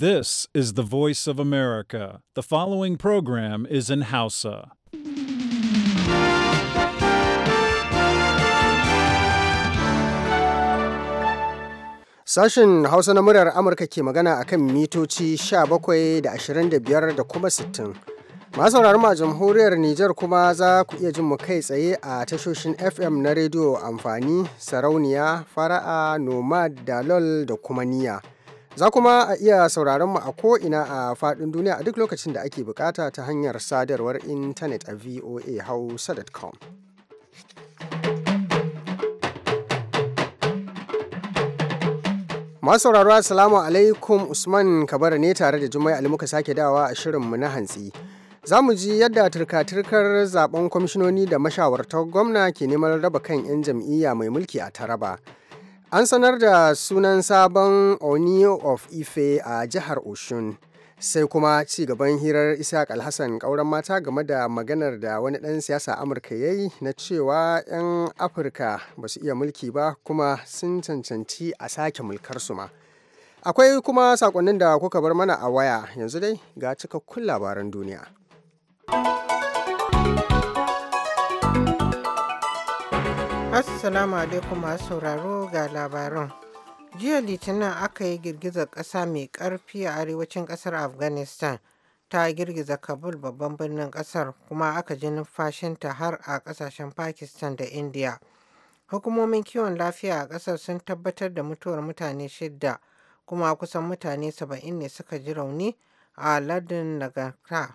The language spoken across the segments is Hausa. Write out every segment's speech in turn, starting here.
This is the voice of America. The following program is in Hausa. Sashen Hausa na muryar Amurka ke magana a kan mitoci 17 da 25 da kuma 60. Masu ma jamhuriyar Nijar kuma za ku iya jin mu kai tsaye a tashoshin FM na rediyo amfani, sarauniya, fara'a, nomad, dalol da kuma niya. Za kuma a iya sauraron mu a ko'ina a faɗin duniya a duk lokacin da ake bukata ta hanyar sadarwar intanet a voahausa.com. Masu sauraro Assalamu alaikum Usman Kabara ne tare da Jummai Ali muka sake dawa a shirin mu na hantsi. Za mu ji yadda turka-turkar zaben kwamishinoni da mashawartar gwamna ke neman raba kan 'yan jam'iyya mai mulki a Taraba. An sanar da sunan sabon Onio of Ife a jihar Oshun. Sai kuma ci gaban hirar Ishaq Alhassan ƙauren mata game da maganar da wani ɗan siyasa Amurka ya yi na cewa 'yan Afirka ba su iya mulki ba kuma sun cancanci a sake mulkarsu ma. Akwai kuma saƙonnin da kuka bar mana a waya yanzu dai ga cikakkun labaran duniya. Assalamu alaikum masu sauraro ga labaran. Jiya Litinin aka yi girgizar ƙasa mai ƙarfi a arewacin ƙasar Afghanistan ta girgiza Kabul babban birnin ƙasar kuma aka ji numfashinta har a ƙasashen Pakistan da India. Hukumomin kiwon lafiya a ƙasar sun tabbatar da mutuwar mutane shidda kuma kusan mutane saba'in ne suka ji rauni a lardin Nagarta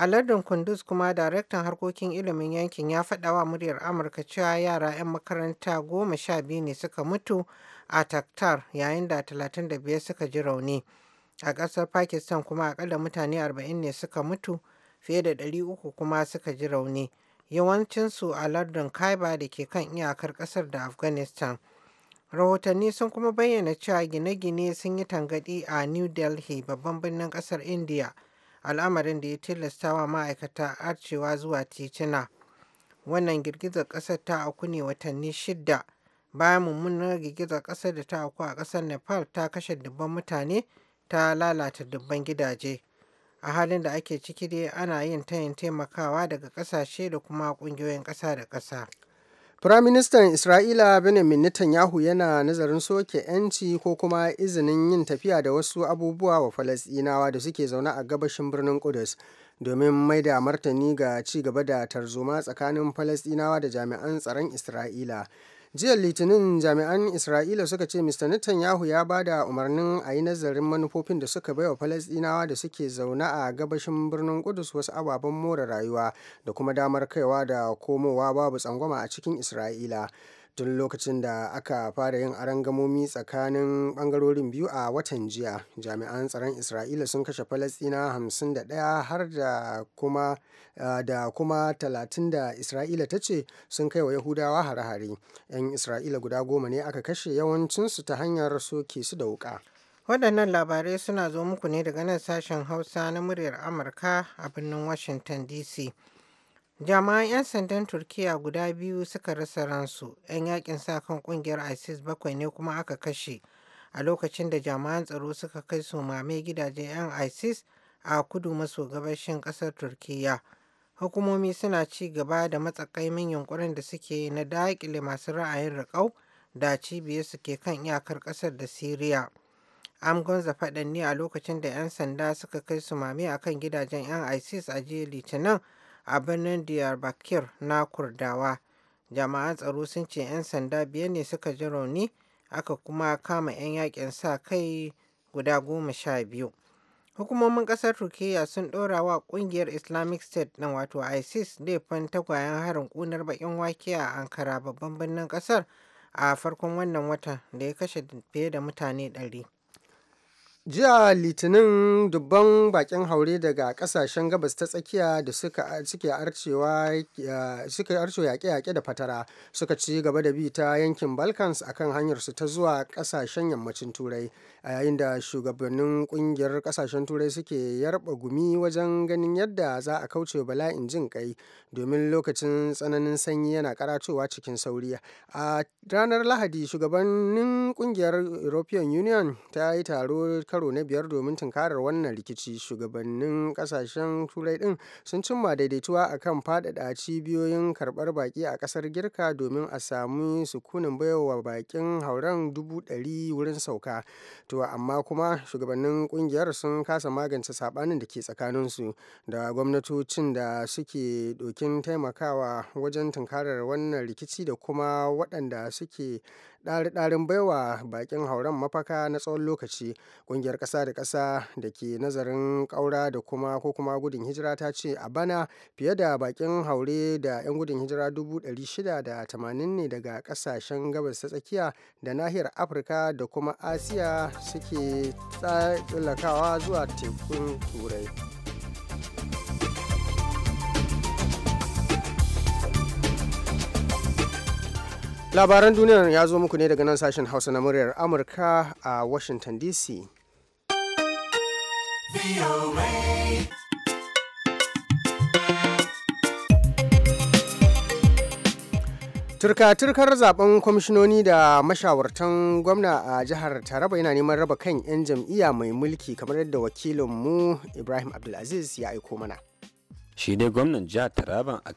A lardin Kunduz kuma daraktan harkokin ilimin yankin ya faɗa wa muryar Amurka cewa yara 'yan makaranta goma sha biyu ne suka mutu a Taktar yayin da 35 suka ji rauni. A ƙasar Pakistan kuma akalla mutane 40 ne suka mutu fiye da 300 kuma suka ji rauni. Yawancinsu a lardin Kaiba da ke kan iyakar ƙasar da Afghanistan. Rahotanni sun kuma bayyana cewa gine-gine sun yi tangadi a New Delhi babban birnin ƙasar India. al'amarin da ya tilasta wa ma'aikata arcewa zuwa titina. Wannan girgizar ƙasar ta auku ne watanni shida bayan mummunar girgizar ƙasar da ta auku a ƙasar Nepal ta kashe dubban mutane ta lalata dubban gidaje. A halin da ake ciki dai ana yin tayin taimakawa daga ƙasashe da kuma ƙungiyoyin ƙasa da ƙasa. Firaministan Isra'ila Benjamin Netanyahu yana nazarin soke 'yanci ko kuma izinin yin tafiya da wasu abubuwa wa Falasɗinawa da suke zaune a gabashin birnin Kudus domin mai da martani ga ci gaba da tarzoma tsakanin Falasɗinawa da jami'an tsaron Isra'ila. jiya litinin jami'an isra'ila suka ce mr netanyahu ya ba da umarnin a yi nazarin manufofin da suka baiwa falasdinawa da suke zaune a gabashin birnin kudus wasu ababen more rayuwa da kuma damar kaiwa da komowa babu tsangwama a cikin isra'ila tun lokacin da aka fara yin aron gamomi tsakanin bangarorin biyu a watan jiya jami'an tsaron isra'ila sun kashe falastina 51 har da kuma da kuma 30 da isra'ila ta ce sun kai wa yahudawa hare-hare 'yan isra'ila guda goma ne aka kashe yawancinsu ta hanyar soke su da wuka waɗannan labarai suna zo muku ne daga nan sashen hausa na muryar amurka a birnin washington dc Jami'an 'yan sandan Turkiyya guda biyu suka rasa ransu, 'yan yakin sa kan kungiyar ISIS bakwai ne kuma aka kashe a lokacin da jami'an tsaro suka kai sumame gidajen 'yan ISIS a kudu maso gabashin kasar Turkiyya. Hukumomi suna ci gaba da matsakaimin yunkurin da suke na daƙile masu ra'ayin rikau da cibiyar su ke kan iyakar ƙasar da Siriya. An zafaɗanni a lokacin da 'yan sanda suka kai sumame akan gidajen 'yan ISIS a jiya Litinin a birnin Diyarbakir na Kurdawa. Jama'an tsaro sun ce 'yan sanda biyar ne suka ji rauni aka kuma kama 'yan yakin sa kai guda goma sha biyu. Hukumomin ƙasar Turkiyya sun ɗora wa ƙungiyar Islamic State ɗin wato ISIS laifin tagwayen harin ƙunar baƙin wake a Ankara babban birnin ƙasar a farkon wannan watan da ya kashe fiye da mutane ɗari. jiya litinin dubban bakin haure daga kasashen gabas ta tsakiya da suka suke arcewa yaƙe-yaƙe da fatara suka ci gaba da bi ta yankin balkans akan hanyarsu ta zuwa kasashen yammacin turai a yayin da shugabannin kungiyar kasashen turai suke yarba gumi wajen ganin yadda za a kauce bala'in jin kai domin lokacin tsananin sanyi yana karatowa cikin sauri a ranar lahadi shugabannin kungiyar european union ta yi taro karo na biyar domin tunkarar wannan rikici shugabannin kasashen turai din sun cimma daidaituwa a kan faɗaɗa cibiyoyin karɓar baƙi a ƙasar girka domin a sami sukunin baiwa baƙin hauren dubu ɗari wurin sauka to amma kuma shugabannin ƙungiyar sun kasa magance saɓanin da ke tsakaninsu da gwamnatocin da suke ɗokin taimakawa wajen tunkarar wannan rikici da kuma waɗanda suke ɗari-ɗarin baiwa bakin hauren mafaka na tsawon lokaci ƙungiyar ƙasa da ƙasa da ke nazarin ƙaura da kuma ko kuma gudun hijira ta ce a bana fiye da bakin haure da 'yan gudun hijira dubu ɗari shida da tamanin ne daga ƙasashen gabas ta tsakiya da nahiyar afirka da kuma asiya suke tsallakawa zuwa tekun turai labaran duniyar ya zo muku ne daga nan sashen hausa na muryar amurka a washington dc turka-turkar zaben kwamishinoni da mashawartan gwamna a jihar taraba yana neman raba kan 'yan jam'iyya mai mulki kamar yadda wakilinmu ibrahim abdulaziz ya aiko mana shi dai gwamnan jihar taraban a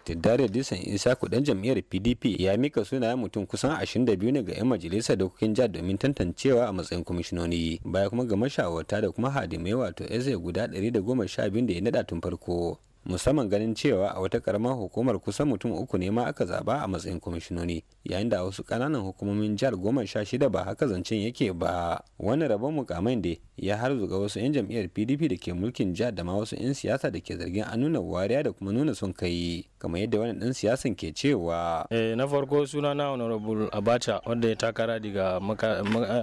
disan isa kudan jam'iyyar pdp ya mika sunayen mutum kusan 22 ne ga 'yan majalisar dokokin jihar domin tantancewa a matsayin kwamishinoni baya kuma ga mashawarta da kuma hadimai wato eze guda 112 da ya nada tun farko musamman ganin cewa a wata karamar hukumar kusan mutum uku ne ma aka zaba a matsayin kwamishinoni yayin da wasu kananan hukumomin jihar goma sha shida ba haka zancen yake ba wani rabon mukamai da ya zuga wasu 'yan jam'iyyar pdp da ke mulkin jihar da ma wasu 'yan siyasa da ke zargin an nuna wariya da kuma nuna son kai kamar yadda wani dan siyasan ke cewa eh, na farko suna na honorable abacha wanda ya takara daga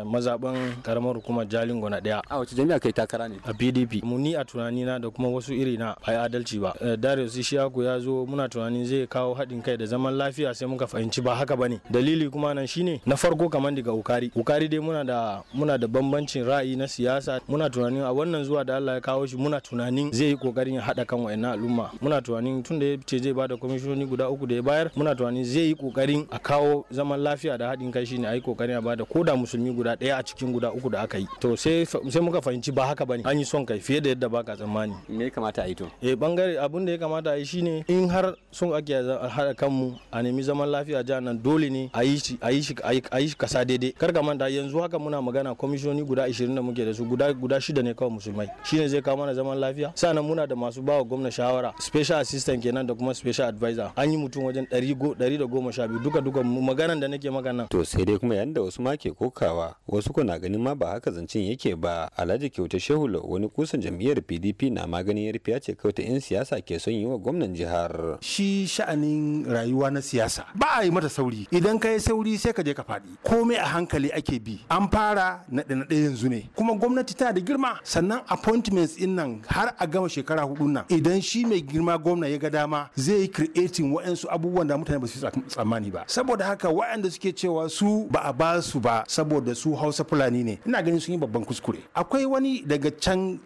mazaban karamar hukumar jalingo na ɗaya. a wace jami'a kai takara ne a pdp mu ni a tunani na da kuma wasu iri na ai adalci ba eh, darius ishiyaku ya zo muna tunanin zai kawo haɗin kai da zaman lafiya sai muka fahimci ba haka bane dalili kuma nan shine na farko kamar daga ukari ukari dai muna da muna da bambancin ra'ayi na siyasa muna tunanin a wannan zuwa da Allah ya kawo shi muna tunanin zai yi kokarin ya haɗa kan wa'annan al'umma muna tunanin tunda ya ce zai ba da kwamishoni guda uku da ya bayar muna tunanin zai yi kokarin a kawo zaman lafiya da haɗin kai shine a yi kokarin a bada koda musulmi guda ɗaya a cikin guda uku da aka yi to sai muka fahimci ba haka bane an yi son kai fiye da yadda baka tsammani me ya kamata a yi to eh bangare abin da ya kamata a yi shine in har sun ake haɗa kanmu a nemi zaman lafiya jihar nan dole ne a yi shi a yi shi a yi kasa daidai kar ka manta yanzu haka muna magana kwamishoni guda 20 da muke da su guda guda shida ne kawai musulmai shine zai kawo mana zaman lafiya sannan muna da masu bawa gwamna shawara special assistant kenan da kuma special sha advisor an yi mutum wajen ɗari da goma sha biyu duka duka maganan da nake magana to sai dai kuma yayin da wasu ma ke kokawa wasu na ganin ma ba haka zancen yake ba alhaji kyauta shehulo wani kusan jam'iyyar pdp na maganin yarfiya ce kyauta ta 'yan siyasa ke son yi wa gwamnan jihar. shi sha'anin rayuwa na siyasa ba a yi mata sauri idan ka yi sauri sai ka je ka faɗi komai a hankali ake bi an fara naɗe-naɗe yanzu ne kuma gwamnati tana da girma sannan appointments in nan har a gama shekara hudu nan idan shi mai girma gwamna ya ga dama zai yi creating wa'ansu abubuwan da mutane ba su tsammani ba saboda haka wa'anda suke cewa su ba a ba su ba saboda su hausa fulani ne ina ganin sun yi babban kuskure akwai wani daga can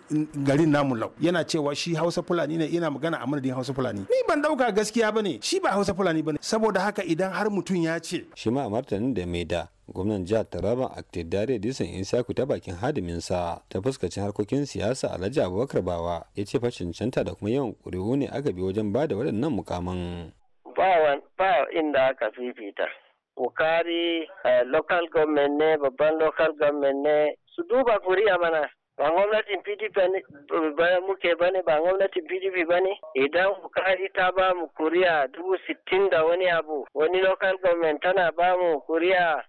garin namu lau yana cewa shi hausa fulani ne yana magana a madadin hausa fulani ni ban dauka gaskiya ne. shi ba hausa fulani bane saboda haka idan har mutum ya ce shi ma martanin da mai da gwamnan jihar taraba dare disan saku ta bakin hadiminsa ta fuskacin harkokin siyasa alhaji abubakar bawa ya ce cancanta da kuma yawan ƙuri'u ne aka bi wajen ba da waɗannan mukamin. ba inda aka fifita eh, local babban local government su duba kuri'a mana ba gwamnatin pdp ba muke ba ne ba gwamnatin pdp ba ne idan bukari ta ba mu kuriya dubu sittin da wani abu wani local government tana ba mu kuriya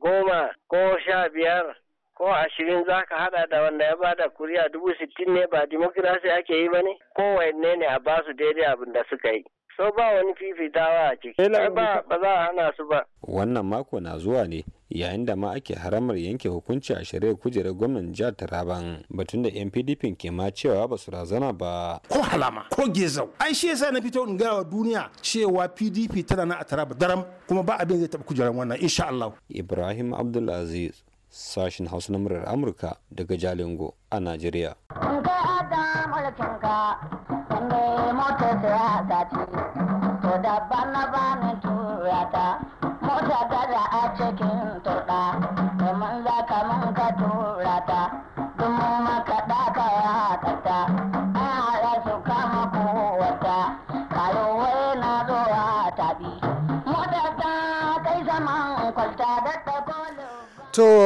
goma ko sha biyar ko ashirin za ka hada da wanda ya ba da kuri'a dubu sittin ne ba dimokirasi ake yi ba ne wanne ne a ba su daidai abin da suka yi so ba wani fifitawa a ciki ba za a hana su ba wannan mako na zuwa ne yayin da ma ake haramar yanke hukunci a shari'ar kujerar gwamnan jihar Taraban batun da yan PDP ke ma cewa ba su razana ba ko halama ko gezau ai shi yasa na fito in gaya wa duniya cewa PDP tana na a Taraba daram kuma ba abin zai taba kujerar wannan insha Allah Ibrahim Abdulaziz sashin Hausa na murar Amurka daga Jalingo a Najeriya.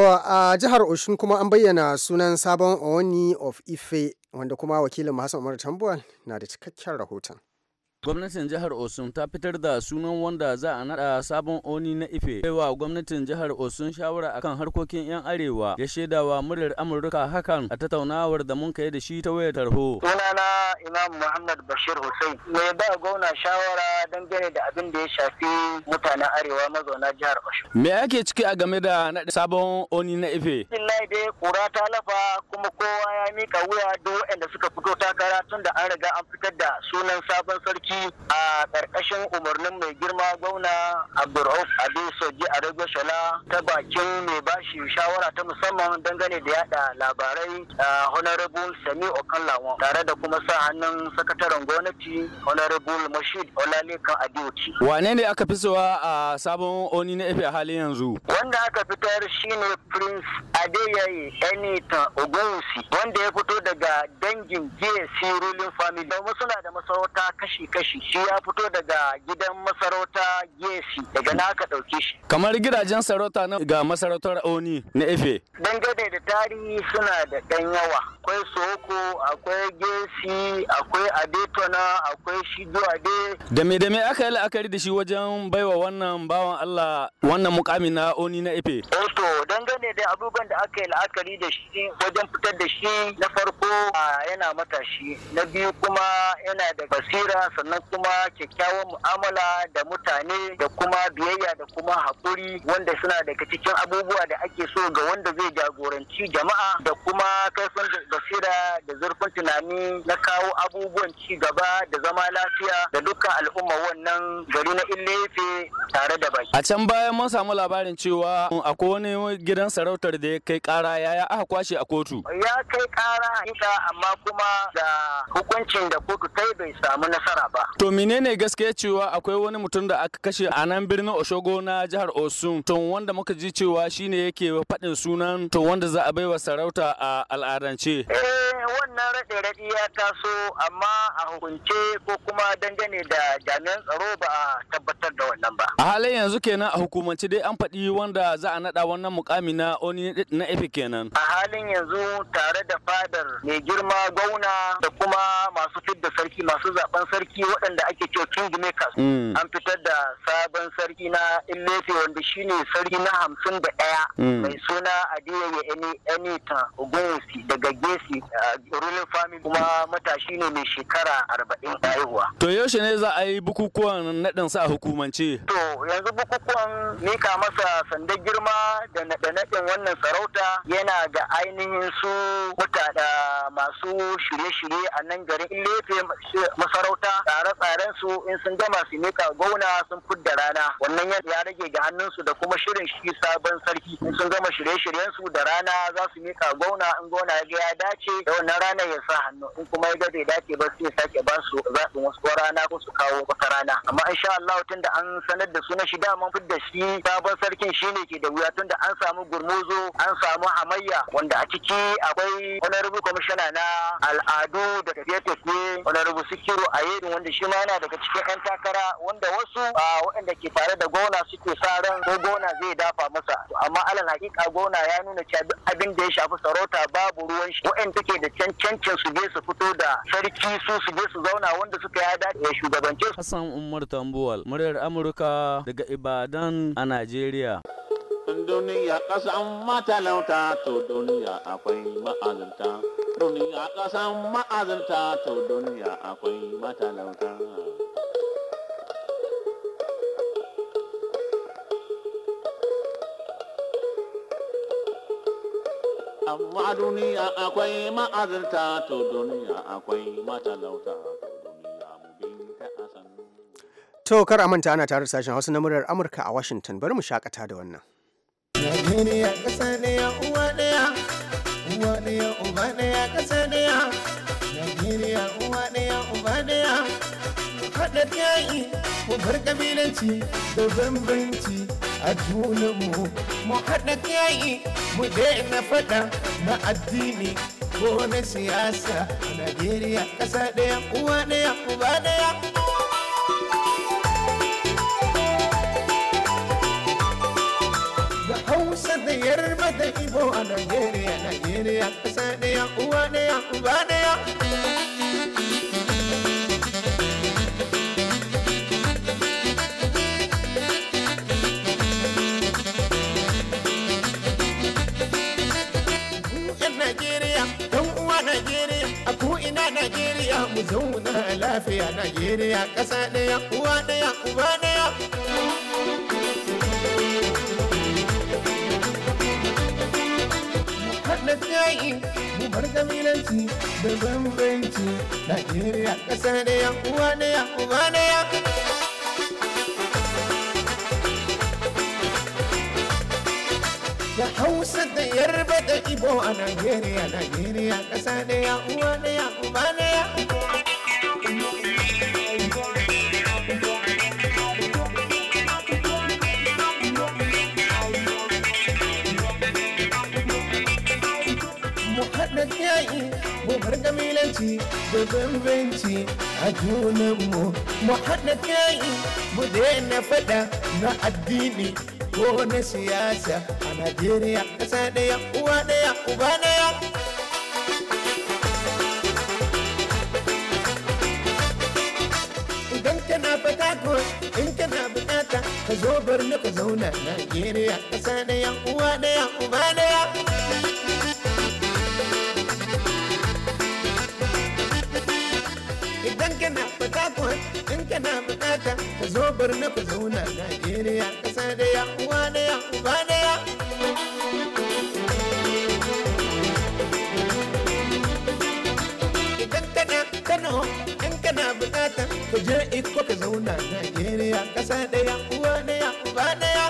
a jihar Oshun kuma an bayyana sunan sabon oni of Ife wanda kuma wakilin Hassan Umar Tambuwal na da cikakken rahoton. Gwamnatin jihar Osun ta fitar da sunan wanda za a nada sabon oni na Ife. wa gwamnatin jihar Osun shawara akan harkokin 'yan arewa ya shaidawa muryar Amurka hakan a tattaunawar da mun kai da shi ta wayar tarho. Sunana Imam Muhammad Bashir Hussein mai ba gwamna shawara dangane da abin da ya shafi mutanen arewa mazauna jihar Osun. Me ake ciki a game da sabon oni na Ife? Billahi dai kura ta lafa kuma kowa ya mika wuya duk wanda suka fito takara tun da an riga an fitar da sunan sabon sarki aiki a ƙarƙashin umarnin mai girma gwamna Abdulrauf Adesoji a Shola ta bakin mai bashi shawara ta musamman dangane da yada labarai Honorable Sami Okanlawo tare da kuma sa hannun sakataren gwamnati Honorable Mashid Olalekan Adiochi. Wane ne aka fi sowa a sabon oni na efe halin yanzu? Wanda aka fitar shine Prince Adeyayi enita Ogunwusi wanda ya fito daga dangin JC ruling family. suna da masarauta kashi-kashi shi shi ya fito daga gidan masarauta gesi daga na aka ɗauke shi kamar gidajen sarauta na ga masarautar oni na efe dangane da tarihi suna da ɗan yawa akwai soko akwai gesi akwai adetona akwai shigo ade da me da me aka yi la'akari da shi wajen baiwa wannan bawan allah wannan mukami na oni na efe eh to dangane da abubuwan da aka yi la'akari da shi wajen fitar da shi na farko yana matashi na biyu kuma yana da basira sannan sannan kuma kyakkyawan mu'amala da mutane da kuma biyayya da kuma haƙuri wanda suna daga cikin abubuwa da ake so ga wanda zai jagoranci jama'a da kuma kaifin basira da zurfin tunani na kawo abubuwan ci gaba da zama lafiya da dukkan al'umma wannan gari na illefe tare da baki. A can bayan mun samu labarin cewa akwai wani gidan sarautar da ya kai kara ya ya aka kwashe a kotu. Ya kai kara hika amma kuma da hukuncin da kotu ta bai samu nasara ba. ba. To menene gaskiya cewa akwai wani mutum da aka kashe a nan birnin Oshogo na jihar Osun to wanda muka ji cewa shine yake faɗin sunan to wanda za a baiwa sarauta a al'adance. Eh wannan raɗe raɗi ya taso amma a hukunce ko kuma dangane da jami'an tsaro ba a tabbatar da wannan ba. A halin yanzu kenan a hukumance dai an faɗi wanda za a naɗa wannan mukami na oni na efe kenan. A halin yanzu tare da fadar mai girma gwauna da kuma masu fidda sarki masu zaben sarki sarki waɗanda ake cewa makers mm. an fitar da sabon sarki na illefe wanda shine sarki na hamsin da ɗaya mm. mai suna adeyeye ta ogunwusi daga gesi uh, ruling family kuma matashi ne mai shekara arba'in haihuwa. to yaushe ne za a yi bukukuwan naɗin sa hukumance. to yanzu bukukuwan mika masa sandar girma da naɗe-naɗin wannan sarauta yana ga ainihin su mutane uh, masu shirye-shirye a nan garin illefe uh, masarauta tsare-tsaren su in sun gama su mika gauna sun fudda rana wannan ya rage ga hannunsu da kuma shirin shi sabon sarki in sun gama shirye-shiryen su da rana za su mika gauna in gauna ya ga ya dace da wannan rana ya sa hannu in kuma ya ga zai dace ba sai sake ba su zaɓin wasu rana ko su kawo wata rana amma insha Allah tunda an sanar da sunan shi daman fidda shi sabon sarkin shine ke da wuya tunda an samu gurmuzo an samu hamayya wanda a ciki akwai wani rubu kwamishina na al'adu da tafiye-tafiye wani rubu sikiru a yi wanda shi ma yana daga cikin 'yan takara wanda wasu a waɗanda ke tare da gona suke sa ran ko gona zai dafa masa amma alal hakika gona ya nuna cewa duk abin da ya shafi sarauta babu ruwan shi waɗanda ke da cancancin su je su fito da sarki su su je su zauna wanda suka ya dace ya shugabance su. Hassan Umar Tambuwal muryar Amurka daga Ibadan a Najeriya. Duniya ƙasan matalauta to duniya akwai ma'azinta. duniya ƙasan ma'azinta ta duniya akwai matalauta. Amma duniya akwai a manta ana tare da sashen Hausa na Amurka a Washington bari mu shakata da wannan. Duniya ƙasa ne ya uwa yi mu bar kabilanci da bambanci a junanmu mu haɗa kai mu daina faɗa na addini ko na siyasa a Najeriya ƙasa ɗaya uwa ɗaya uba ɗaya. Da Hausa da Yarba da Ibo a Najeriya, Najeriya ƙasa ɗaya uwa ɗaya uba ɗaya. na Najeriya mu zauna lafiya Najeriya ƙasa ɗaya uwa ɗaya uba ɗaya. mu bar kabilanci da bambanci Najeriya ƙasa ɗaya uwa ɗaya uba ɗaya. hausa da yarba da ibo a nigeria nigeria ƙasa ɗaya uwa ɗaya uba ɗaya mu haɗa yayi mu bar gamilanci da bambanci a junanmu mu haɗa yayi mu daina faɗa na addini ko na siyasa a Najeriya ƙasa ɗaya uwa ɗaya uba ɗaya. Idan kana fata ko in kana bukata ka zo bar na ka zauna Najeriya ƙasa ɗaya uwa ɗaya uba ɗaya. idan kana fata in kana bukata ka zo bar na ka zauna Najeriya daya uwa daya uba daya idan kana kano in kana bukata ku je iko ka zauna najeriya kasa daya uwa daya uba daya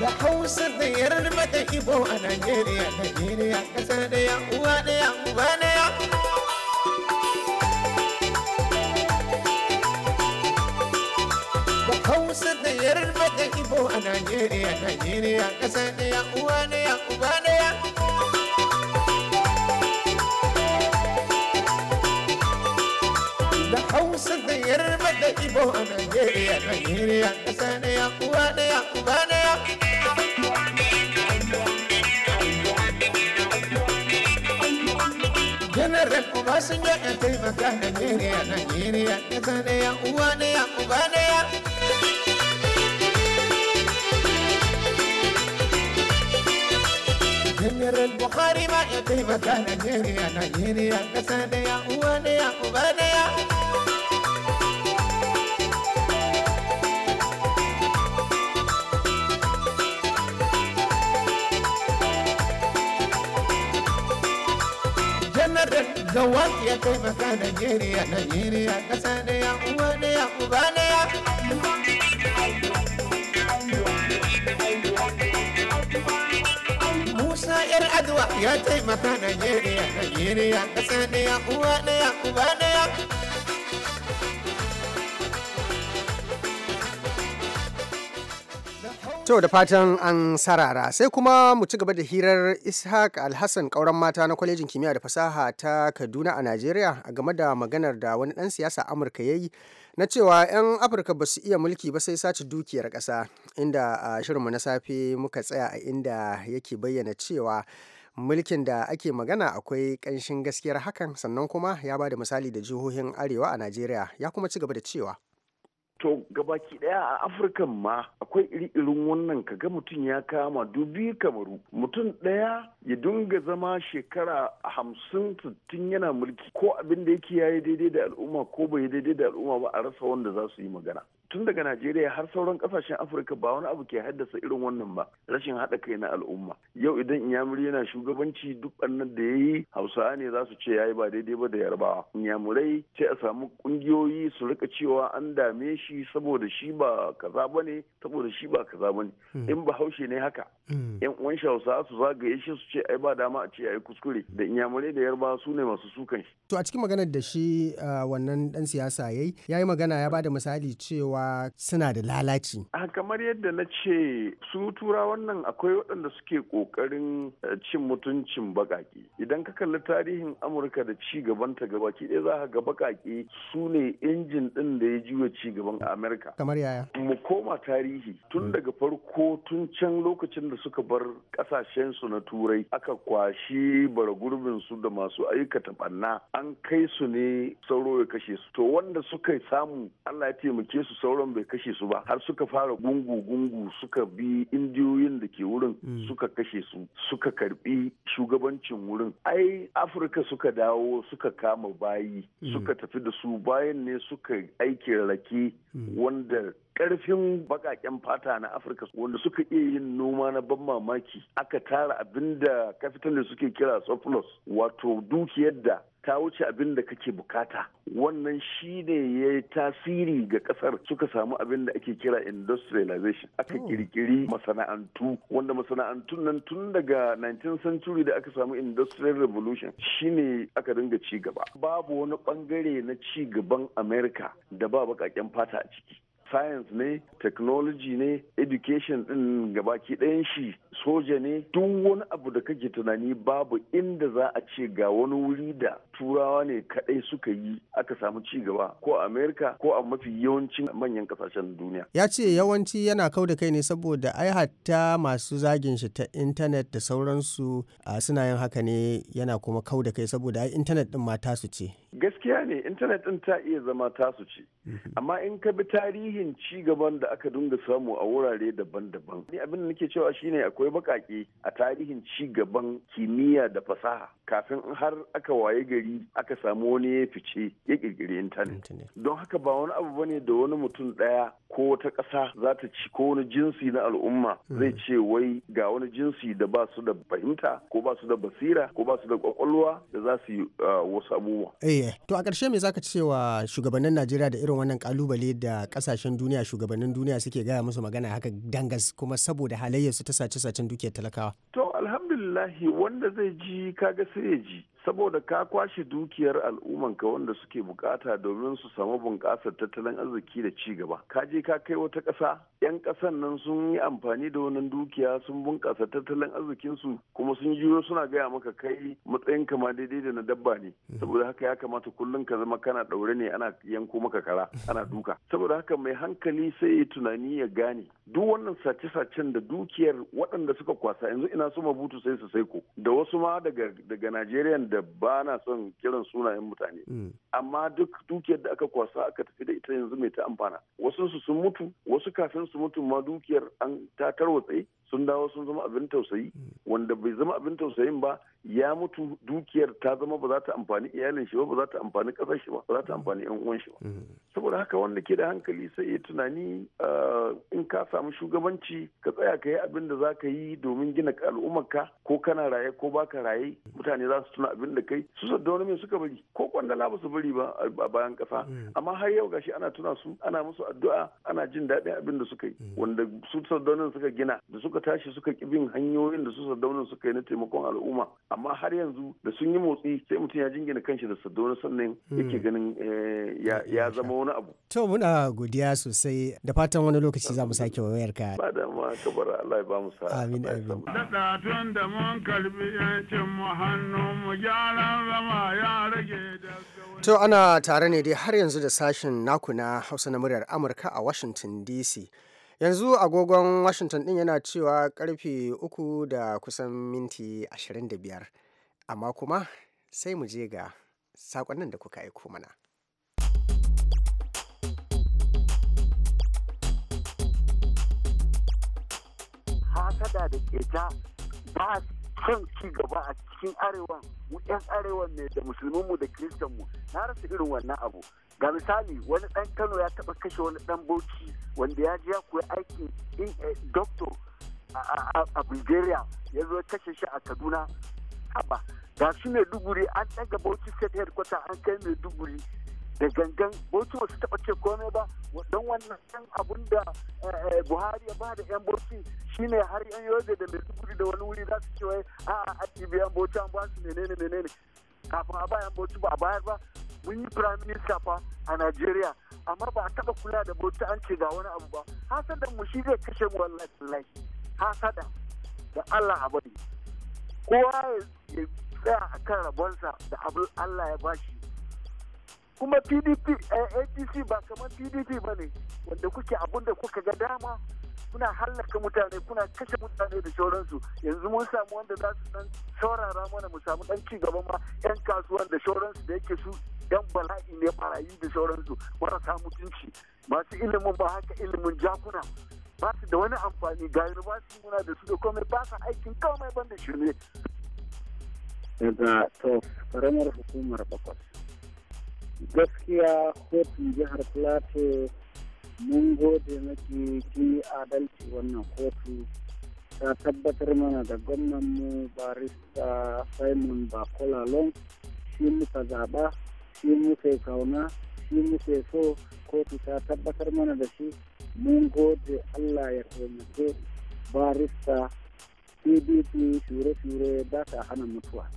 da hausa da yarar mata ibo a najeriya najeriya kasa daya uwa daya uba daya Garin bakin Ibo a Najeriya, Najeriya ƙasa ɗaya, uwa ɗaya, uba ya. Da Hausa da Yarba da Ibo a Najeriya, Najeriya ƙasa ɗaya, uwa ɗaya, uba ɗaya. General Obasanjo ya taimaka Najeriya, Najeriya, ƙasa ɗaya, uwa ɗaya, uba ya. Hanyar Bukhari ma ya taimaka Najeriya, Najeriya, ƙasa ɗaya, uwa ɗaya, uba ɗaya. Janar da Gawak ya taimaka Najeriya, Najeriya, ƙasa ɗaya, uwa ɗaya, uba ɗaya. Yar aduwa ya taimaka nigeria nigeria ƙasa ɗaya, uwa ɗaya, uba ɗaya. To da fatan an sarara sai kuma mu ci gaba da hirar Ishaq Alhassan kauran mata na kwalejin kimiyya da fasaha ta Kaduna a Najeriya a game da maganar da wani ɗan siyasa Amurka ya yi na cewa 'yan afirka ba su iya mulki ba sai sace dukiyar ƙasa inda a shirinmu na safe muka tsaya a inda yake bayyana cewa mulkin da ake magana akwai ƙanshin gaskiyar hakan sannan kuma ya ba da misali da jihohin arewa a najeriya ya kuma ci gaba da cewa To gabaki daya a Afirka ma akwai iri-irin wannan kaga mutum ya kama dubi kamaru. Mutum daya ya dunga zama shekara hamsin tun yana mulki ko abin da yake yayi daidai da al'umma ko bai daidai da al'umma ba a rasa wanda za su yi magana. tun daga Najeriya har sauran kasashen Afirka ba wani abu ke haddasa irin wannan ba rashin haɗa kai na al'umma yau idan inyamuri yana shugabanci duk annan da yayi Hausawa ne za su ce yayi ba daidai ba da Yarbawa inyamurai ce a samu kungiyoyi su rika cewa an dame shi saboda shi ba kaza bane saboda shi ba kaza bane hmm. in Bahaushe ne haka hmm. yan uwan shi Hausawa su zagaye shi su ce ai ba dama a ce yi kuskure da inyamurai da Yarbawa su ne masu sukan shi to a cikin maganar da shi ah, wannan dan siyasa yayi yayi magana ya bada misali cewa turawa suna da lalaci kamar yadda na ce su turawan nan akwai waɗanda suke ƙoƙarin eh, cin mutuncin baƙaƙe idan ka kalli tarihin amurka da ci gabanta gabaki ɗaya za ka ga baƙaƙe su ne injin ɗin da ya juya ci gaban amurka kamar yaya mu koma tarihi tun mm. daga farko tun can lokacin da suka bar ƙasashen su na turai aka kwashi bara gurbin su da masu aikata ɓanna an kai su ne sauro ya kashe su to wanda suka samu Allah ya taimake su sauran bai kashe su ba har suka fara gungu-gungu suka bi indiyoyin da ke wurin mm. suka kashe su suka karbi shugabancin wurin ai afirka suka dawo suka kama bayi mm. suka tafi da su bayan ne suka aiki rake mm. wanda karfin bakaken fata na afirka wanda suka iya yin noma na ban mamaki aka tara abinda capitalist suke kira surplus wato dukiyar da ta wuce abin da kake bukata wannan shi ne ya yi tasiri ga kasar suka samu abin da ake kira industrialization aka oh. kirkiri masana'antu wanda masana'antun nan tun daga 19th century da aka samu industrial revolution shi ne aka dinga ci gaba babu wani bangare na ci gaban america da ba bakaken fata a ciki science ne technology ne education din gabaki ɗayan shi soja ne duk wani abu da kake tunani babu inda za a ce ga wani wuri da turawa ne kaɗai suka yi aka samu ci gaba ko a america ko a mafi yawancin manyan kasashen duniya ya ce yawanci yana kau da kai ne saboda ai hatta masu zagin shi ta intanet da sauransu suna yin haka ne yana kuma kau da kai saboda ai intanet din ma tasu ce gaskiya ne intanet din ta iya zama tasu ce mhm. amma in ka bi tarihin ci gaban da aka dinga samu a wurare daban-daban ni abin da nake cewa shine akwai bakake a tarihin ci gaban kimiyya da fasaha kafin har aka waye gari aka samu wani ya fice ya kirkiri intanet don haka ba wani abu bane da wani mutum ɗaya ko wata ƙasa za ta ci ko wani jinsi na al'umma hmm. zai ce wai ga wani jinsi da ba su da fahimta ko ba su da basira ko ba su da ƙwaƙwalwa da za su yi ah, wasu abubuwa eh, to a ƙarshe mai zaka cewa shugabannin Najeriya da irin wannan kalubale da kasashen duniya shugabannin duniya suke gaya musu magana haka dangas kuma saboda halayyarsu ta sace-sacen dukiyar talakawa. To alhamdulillah lillahi wanda zai ji kaga sai ya ji saboda ka kwashe dukiyar al'ummanka wanda suke bukata domin su samu bunƙasar tattalin arziki da ci gaba ka je ka kai wata ƙasa yan ƙasan nan sun yi amfani da wannan dukiya sun bunƙasa tattalin arzikinsu kuma sun juyo suna gaya maka kai matsayin kama daidai da na dabba ne saboda haka ya kamata kullum ka zama kana ɗaure ne ana yanko maka kara ana duka saboda haka mai hankali sai ya tunani ya gane duk wannan sace-sacen da dukiyar waɗanda suka kwasa yanzu ina su mabutu sai su sai ko da wasu ma daga daga Najeriya da ba na son kiran sunayen mutane hmm. amma duk dukiyar da aka kwasa aka tafi da ita yanzu mai ta amfana wasu su sun mutu wasu kafin su mutu ma dukiyar an ta tarwatse sun dawo sun zama abin tausayi wanda bai zama abin tausayin ba ya mutu dukiyar ta zama ba za ta amfani iyalin shi ba ba za ta amfani kasar shi ba ba za ta amfani yan uwan shi ba mm. saboda haka wanda ke da hankali sai ya tunani uh, in ka samu shugabanci ka tsaya ka yi abin da za ka yi domin gina al'ummarka ko kana raye ko baka raye mutane za su tuna abin da kai su da wani suka bari ko kwandala ba su bari ba a bayan kasa mm. amma har yau gashi ana tuna su ana musu addu'a ana jin daɗin abin da suka yi mm. wanda su da suka gina da suka suka tashi suka ki bin hanyoyin da su sardaunan suka yi na taimakon al'umma amma har yanzu da sun yi motsi sai mutum ya jingina kanshi da sardauna sannan hmm. yake ganin eh, ya zama wani abu. To muna godiya sosai da fatan wani lokaci za mu sake wayar ka. Ba da ma ka bar Allah ya ba mu sa'a. Amin amin. Daɗa tun da mun karbi yancin mu hannu mu gyara zama ya rage da To ana tare ne dai har yanzu da sashen naku na Hausa na muryar Amurka a Washington DC. yanzu agogon washington din yana cewa karfe uku da kusan minti 25 amma kuma sai mu je ga sakonnin da kuka aiko mana hasada da keta ba son ci gaba a cikin arewa mu 'yan arewa ne da musulmanmu da kiristanmu na rasa irin wannan abu ga misali wani ɗan kano ya taba kashe wani ɗan bauchi wanda ya je ya koyi aiki eh, doctor a bulgaria ya zo kashe shi a kaduna haba ga shi duguri an ɗaga bauchi state headquarter an kai mai duguri da gangan bauchi wasu taɓa ce komai ba don wannan ɗan abun da eh, eh, buhari ya ba da yan bauchi shine har yan yobe da mai duguri da wani wuri za su ce wai a'a a ɗibi yan bauchi an ba su menene menene kafin a ba yan bauchi ba a bayar ba mun yi prime minister fa a Najeriya amma ba a taba kula da bauta an ce ga wani abu ba hasadan mu shi zai kashe mu wallahi wallahi hasada da Allah abadi kowa ya tsaya akan rabonsa da abu Allah ya bashi kuma PDP eh, APC ba kamar PDP ba ne wanda kuke abun da kuka ga dama kuna hallaka mutane kuna kashe mutane da sauransu yanzu mun samu wanda za su dan saurara mana mu samu dan cigaba ma yan kasuwan da sauransu da yake su yan bala'i ne barayi da sauransu marasa mutunci masu ilimin ba haka ilimin jakuna ba su da wani amfani ga su muna da su da komai ba su aikin komai banda ne. daga to karamar hukumar bakwai gaskiya kotun jihar plateau mun gode maki ki adalci wannan kotu ta tabbatar mana da gwamnanmu barista simon bakola long shi muka zaɓa shi muka kauna shi muka so kotu ta tabbatar mana da shi mun gode allah ya taimake barista pdp shure-shure ba ta hana mutuwa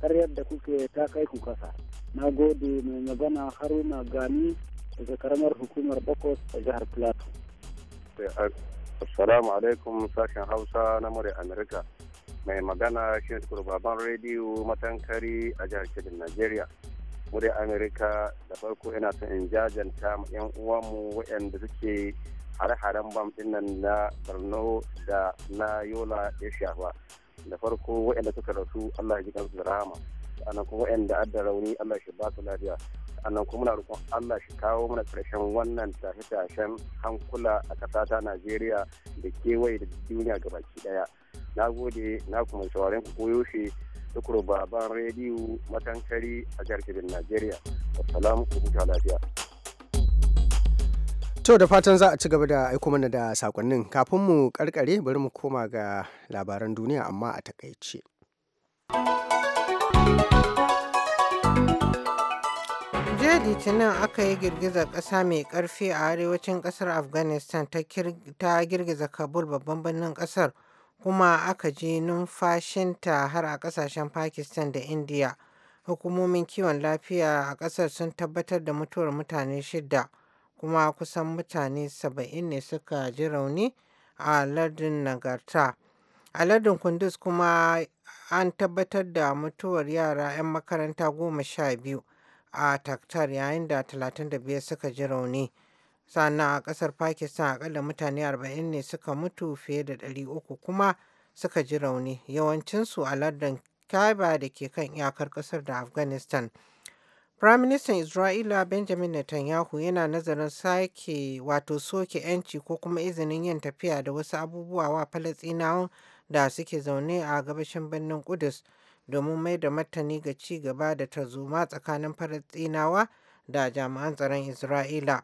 har yadda kuke ta kai ku kasa na gode mai magana haruna gani daga karamar hukumar bakos a jihar plateau eh, assalamu alaikum sashen hausa na mure amerika mai magana shi kurbaban rediyo matankari a jihar kidin nigeria mure amerika da farko ina son in jajanta yan uwanmu waɗanda suke hare-haren bam nan na barno da na yola ya shafa da farko waɗanda suka rasu allah ya ji kansu da rahama sannan kuma waɗanda adda rauni allah shi ba su lafiya sannan kuma muna roƙon Allah shi kawo mana ƙarshen wannan tashe-tashen hankula a ƙasa ta Najeriya da kewaye da duniya gabaki ɗaya. Na gode na kuma sauraren ku koyoshe tukuru baban rediyo matankari a garkibin Najeriya. Assalamu ku huta lafiya. To da fatan za a ci gaba da aiko mana da sakonnin kafin mu karkare bari mu koma ga labaran duniya amma a takaice. jiya litinin aka yi girgizar ƙasa mai ƙarfi a arewacin ƙasar afghanistan ta girgiza kabul babban birnin ƙasar kuma aka ji numfashinta har a ƙasashen pakistan da india hukumomin kiwon lafiya a ƙasar sun tabbatar da mutuwar mutane shida kuma kusan mutane saba'in ne suka ji rauni a lardin nagarta a lardin kunduz kuma an tabbatar da mutuwar yara 'yan makaranta goma sha biyu a taktar yayin da 35 suka ji rauni sannan a kasar pakistan akalla mutane 40 ne suka mutu fiye da 300 kuma suka ji rauni yawancinsu a lardin kaiba da ke kan iyakar kasar da afghanistan Firaministan Isra'ila Benjamin Netanyahu yana nazarin sake wato soke 'yanci ko kuma izinin yin tafiya da wasu abubuwa wa Falasinawa da suke zaune a gabashin birnin Kudus domin mai da martani ga ci gaba da tarzoma tsakanin Falasɗinawa da jami'an tsaron Isra'ila.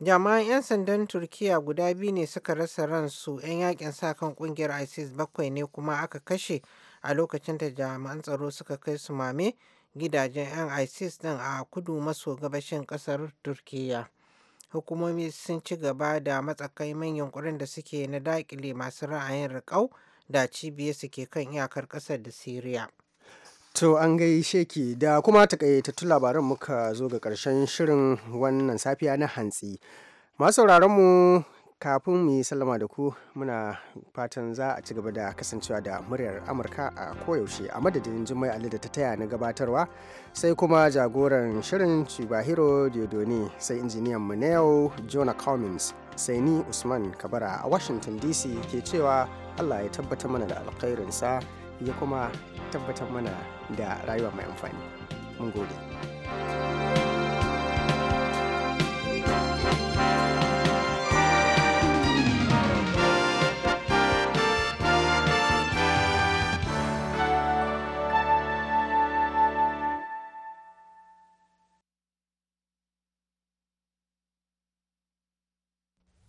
Jami'an 'yan sandan turkiya guda biyu ne suka rasa ransu 'yan yakin sa kan kungiyar ISIS bakwai ne kuma aka kashe a lokacin da jami'an tsaro suka kai su mame gidajen 'yan ISIS din a kudu maso gabashin kasar Turkiyya. Hukumomi sun ci gaba da manyan yunkurin da suke na dakile masu ra'ayin riƙau da cibiyar su ke kan iyakar kasar da Siriya. To an gaishe ki da kuma takaitattun labaran muka zo ga ƙarshen shirin wannan safiya na hantsi. Masu mu kafin mu yi sallama da ku muna fatan za a ci gaba da kasancewa da muryar Amurka a koyaushe a madadin Jummai Ali da ta taya na gabatarwa sai kuma jagoran shirin Chibahiro Diodoni sai injiniyan mu na yau Jonah Cummins sai ni Usman Kabara a Washington DC ke cewa allah ya tabbatar mana da alkhairinsa ya kuma tabbatar mana da rayuwa mai amfani mun gode